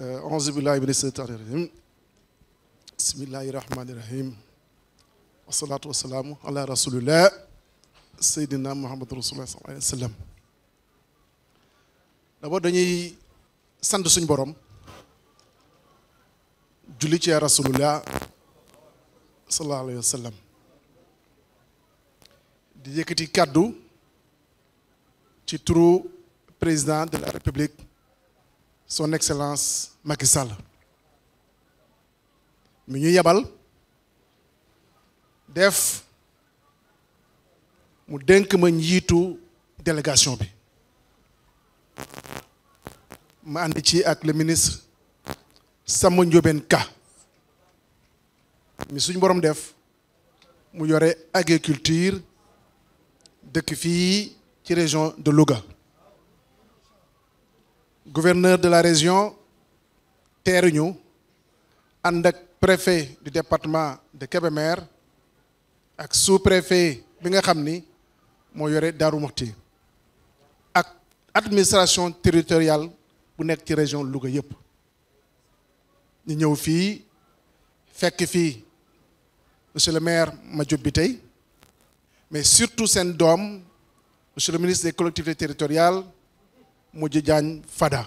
آه، أعوذ بالله من الشيطان الرجيم بسم الله الرحمن الرحيم والصلاة والسلام على رسول الله سيدنا محمد رسول الله صلى الله عليه وسلم دابور داني سانت سوني بوروم جولي تي رسول الله صلى الله عليه وسلم دي يكتي كادو تي ترو président de la République son excellence Macky Sall mi ñu yabal def mu denk ma njiitu délégation bi ma ànd ci ak le ministre Samba Ndiobène Ka mi suñu borom def mu yoré agriculture dëkk fii ci région de Louga gouverneur de la région terre ñu préfet du département de Kébémer ak sous-préfet bi nga xam ni administration territoriale bu notre région Louga Nous ñu ñëw M. fekk maire, monsieur le maire mais surtout M. monsieur le ministre des collectivités territoriales mujj jaañ fada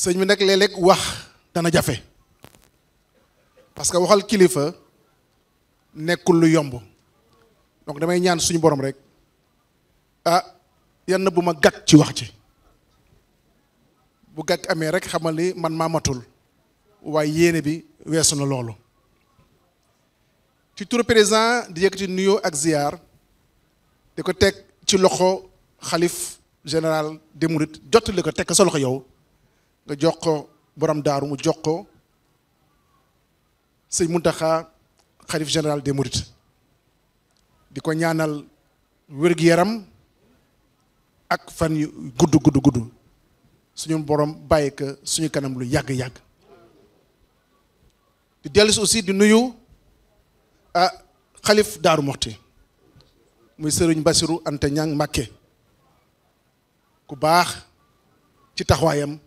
sëñ bi nag léeg lekk wax dana jafe parce que waxal kilifa nekkul lu yomb donc damay ñaan suñu borom rek ah yann bu ma gàkk ci wax ci bu gàkk amee rek xamal ni man maa waaye yéene bi weesu na loolu ci turu président di yëkkati nuyoo ak ziar di ko teg ci loxo xalif général des mourides jottali ko tekk ko sa loxo yow nga jox ko borom daaru mu jox ko sëñ Muntaxa xalif général de murit di ko ñaanal wér-gu-yaram ak fan yu gudd gudd gudd suñu borom bàyyi ko suñu kanam lu yàgg-yàgg di dellusi aussi di nuyu ah xalif daaru moxti muy sëriñ Bassirou Anta ñang Mbacké ku baax ci taxawaayam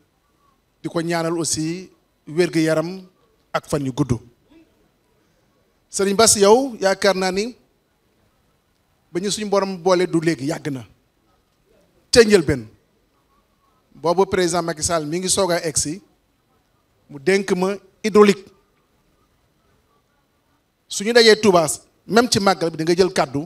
di ko ñaanal aussi wér-gu-yaram ak fan yu gudd sëriñ Bass yow yaakaar naa ni ba ñu suñu borom boole du léegi yàgg na ca njëlbéen boobu président Macky Sall mi ngi soog a si mu dénk ma hydraulique su ñu dajee Touba même ci màggal bi da nga jël kàddu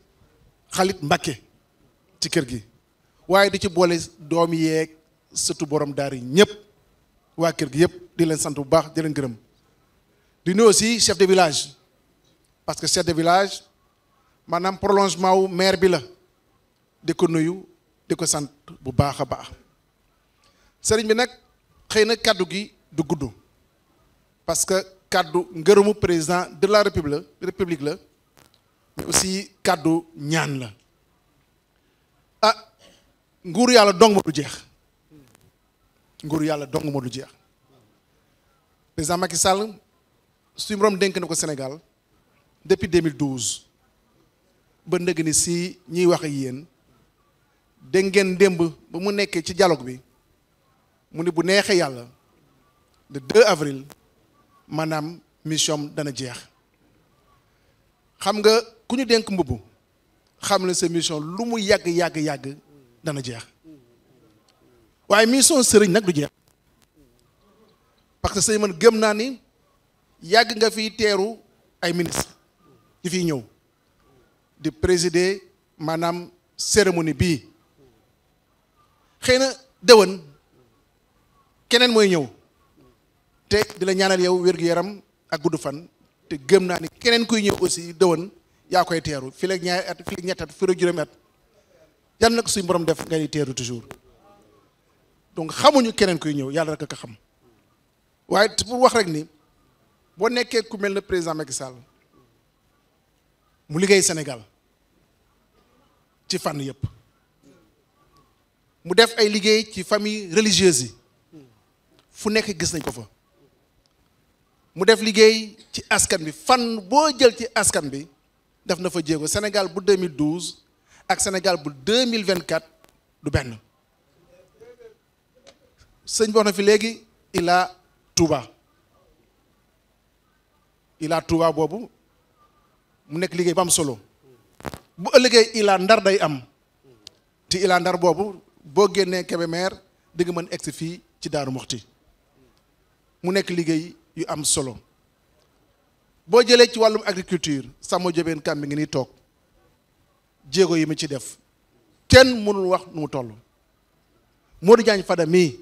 Khalid Mbake ci kër gi waye di ci bolé borom ñëpp di leen sant bu baax di aussi chef de village parce que chef de village manam prolongement wu maire bi la di ko nuyu di baax sëriñ bi parce que le président de la république mais aussi kàddu ñaan la ah nguuru yàlla dong ma du jeex nguur yàlla dong ma du jeex président Macky Sall suñu dénk na ko Sénégal depuis 2012 ba ndëgg ni si ñuy wax ak yéen dégg ngeen démb ba mu nekkee ci dialogue bi mu ni bu neexee yàlla de 2 avril maanaam mission dana jeex. xam nga ku ñu denk mbubb xam ne sa mission lu mu yàgg yàgg yàgg dana jeex waaye mission sëriñ nag lu jeex parce que say man gëm naa ni yàgg nga fiy teeru ay ministre di fiy ñëw di présider maanaam cérémonie bii xëy na déwén keneen mooy ñëw te di la ñaanal yow wér-gu-yaram ak gudd fan te gëm naa ni keneen kuy ñëw aussi dëwan yaa koy teeru fii leeg ñaari at fii leeg ñetti at fii juróomi at yal na ko suñu borom def nga ni teeru toujours donc xamuñu keneen kuy ñëw yàlla rek a xam waaye pour wax rek ni boo nekkee ku mel ne président Macky Sall mu liggéey Sénégal ci fànn yëpp mu def ay liggéey ci famille religieuse yi fu nekk gis nañ ko fa mu def liguey ci askan bi fan bo jël ci askan bi def na fa au Sénégal bu 2012 ak Sénégal bu 2024 du il a fi Il Ila Touba Ila Touba bobu mu nek liguey solo bu a Ila Ndar day am ti Ila Ndar bobu bo il mer, un ex fi ci daru Muxti mu nek liguey yu am solo bo jele ci walum agriculture samo jeben kam mi ngi ni toog jéego yi mi ci def kenn munul wax nu tollu Modou jagne Fada mi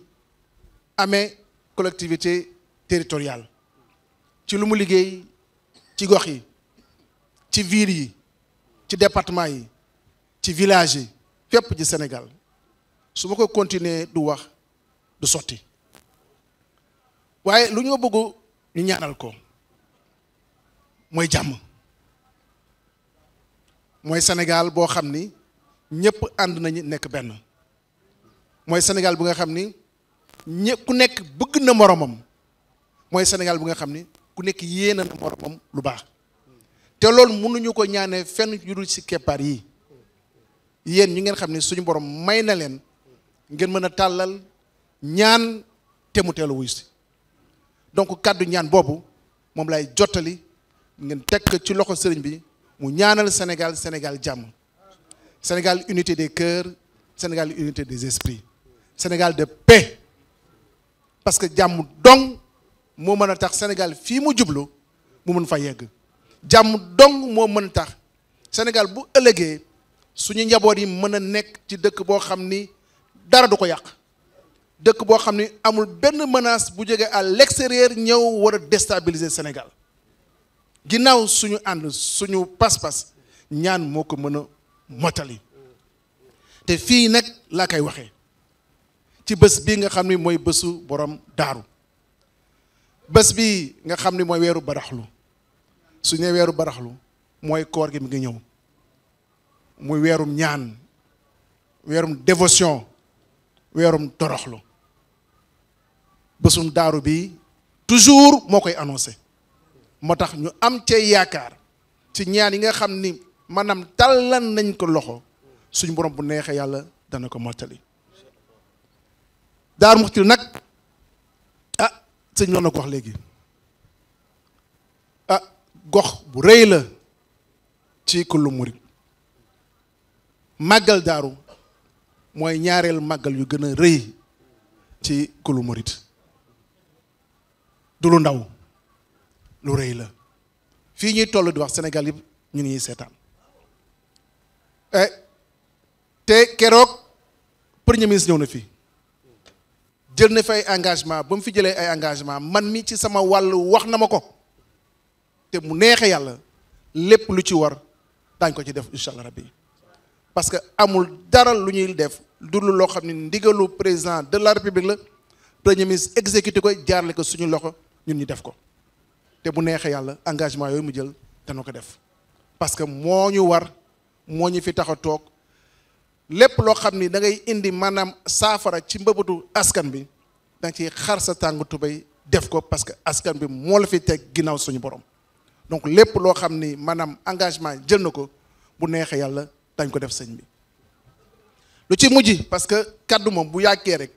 amé collectivité territoriale ci lu mu liggéey ci gox yi ci ville yi ci département yi ci village yi fep ci Sénégal suma ko continuer du wax du waaye lu ñoo bëgg ñu ñaanal ko mooy jàmm mooy Sénégal boo xam ni ñëpp ànd nañu nekk benn mooy Sénégal bu nga xam ni ñë ku nekk bëgg na moromam mooy Sénégal bu nga xam ni ku nekk yéena na moromam lu baax te loolu mënuñu ko ñaanee fenn yu dul ci keppaar yi yéen ñu ngeen xam ne suñu borom may na leen ngeen mën a tàllal ñaan te mu teelu wuy si donc kaddu ñaan bobu mom lay jottali ngeen tek ci loxo serigne bi mu ñaanal Sénégal Sénégal Jam, Sénégal unité des cœurs Sénégal unité des esprits Sénégal de paix parce que Jam dong mo meuna tax Sénégal fi mu jublu mu mën fa yegg dong mo meun tax Sénégal bu ëllëgee suñu njaboot yi mën a ci dëkk dara du ko dëkk boo xam ni amul benn menace bu jege à l'extérieur ñëw war a déstabiliser Sénégal ginnaaw suñu ànd suñu pas-pas ñaan moo ko mën a motali te fii nag laa koy waxee ci bés bi nga xam ni mooy bésu borom daaru bés bi nga xam ni mooy weeru baraxlu su ñu weeru baraxlu mooy koor gi mi ngi ñëw muy weerum ñaan weerum dévotion weerum toroxlu bésum daaru bi toujours moo koy annoncé moo tax ñu am cee yaakaar ci ñaan yi nga xam ni maanaam tàllan nañ ko loxo suñu borom bu neexee yàlla dana ko mottali daaru nag ah ko léegi ah bu rëy la ci kullu màggal daaru mooy ñaareel màggal yu gën a rëy ci kullu morit du lu ndaw lu rëy la fii ñuy toll di wax Sénégal yëpp ñu ngi seetaan eh, te keroog premier ministre ñëw na fi jël na fi ay engagement ba mu fi jëlee ay engagement man mi ci sama wàll wax na ma ko te mu neexee yàlla lépp lu ci war daañ ko ci def incha allah rabbi parce que amul dara lu ñuy def du loo xam ne ndigalu président de la république la premier ministre exécuté ko jaarale ko suñu loxo. ñun ñu def ko te bu neexee yàlla engagement yooyu mu jël dana ko def parce que moo ñu war moo ñu fi tax a toog lépp loo xam ni da ngay indi maanaam saafara ci mbëbatu askan bi da ci xar sa tàng tubéy def ko parce que askan bi moo la fi teg ginnaaw suñu borom donc lépp loo xam ni maanaam engagement jël na ko bu neexee yàlla dañ ko def sëñ bi lu ci mujj parce que kaddu moom bu yàggee rek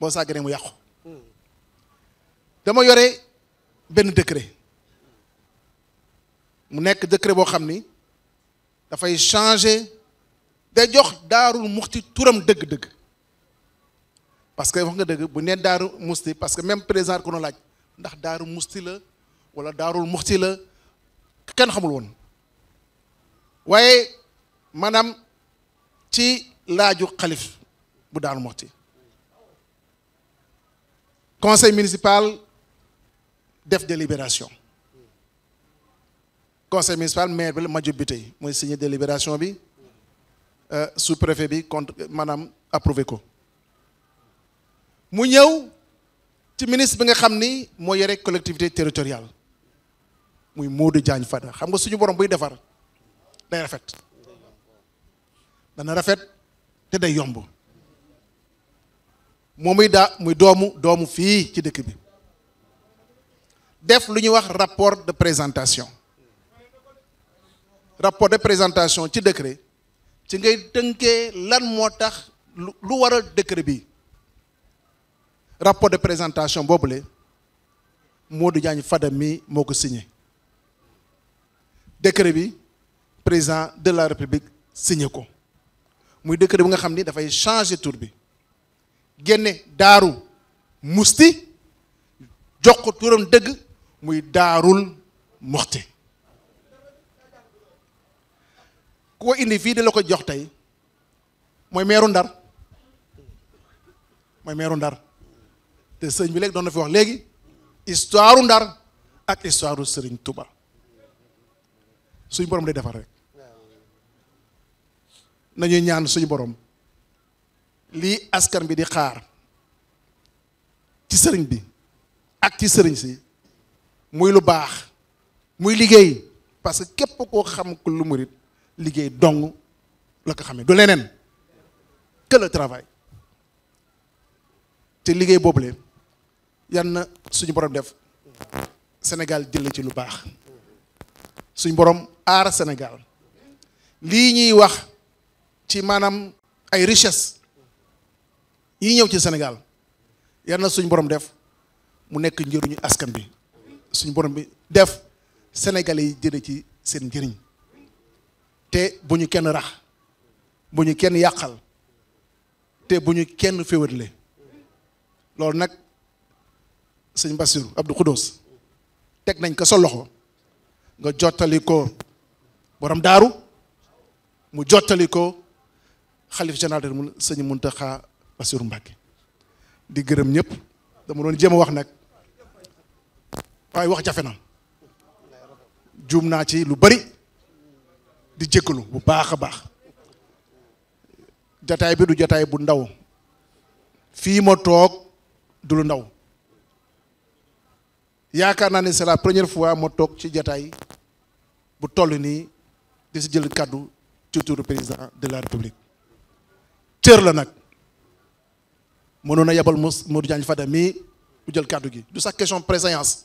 boo sàgganee mu yàqu dama yore. ben décret mu nek décret bo xamni da fay changer day jox darul muxti turam deug deug parce que wax nga deug bu ne daru musti parce que même président ko na laaj ndax daru musti la wala darul muxti la ken xamul won waye manam ci laaju khalif bu daaru muxti conseil municipal def délibération conseil municipal maire majorité signé délibération euh, sous préfet bi contre approuvé ko ministre bi nga collectivité territoriale muy Modou Diagne Fada xam nga suñu borom buy défar day rafet dana rafet té day yomb ci def luñu wax rapport de présentation rapport de présentation ci décret ci ngay teunké lan motax lu waral décret bi rapport de présentation boobule Modou jagn fadami mi moo signé décret bi président de la république signé ko muy décret bi nga xamni da fay changer tour bi genné Daru musti jox ko muy daarul muxti ku indi fii di la ko jox tey mooy meeru ndar mooy meeru ndar te sëñ bi léegi doon na fi wax léegi histoire ndar ak histoire sëriñ Touba suñ borom day defar rek nañuy ñaan suñu borom lii askan bi di xaar ci sëriñ bi ak ci sëriñ si muy lu baax muy liggéey parce que képp koo xam ku lu murit liggéey dong la ko xamee du leneen que le te liggéey boobule yan na suñu borom def Sénégal jël ci lu baax suñ borom aar Sénégal lii ñuy wax ci maanaam ay richesse yi ñëw ci Sénégal yan na suñu borom def mu nekk njëriñu askan bi. suñ borom bi def sénégalais yi jëlee ci seen njëriñ te bu ñu kenn rax bu ñu kenn yàqal te bu ñu kenn féwétle loolu nag sëñ basiru Abdou Khoudous teg nañ ko sa loxo nga jottali ko borom daaru mu jottali ko xalif général de sëñ Mountakha Bassirou Mbacké di gërëm ñëpp dama doon jéem wax nag. waaye wax jafe na juum naa ci lu bari di jéggalu bu baax a baax jataay bi du jataay bu ndaw fii ma toog du lu ndaw yaakaar naa ni c'est la première fois ma toog ci jataay bu toll nii di si jël kàddu ci turu président de la république cër la nag mënoon a yebal Modou Diagne Fada mii bu jël kàddu gi du sax question préséance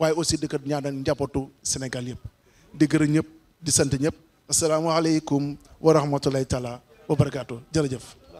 waaye aussi di ko ñaanal njabootu Sénégal yëpp di gërëm ñëpp di sant ñëpp asalaamaaleykum wa rahmatulahi taala wa barakaatu jërëjëf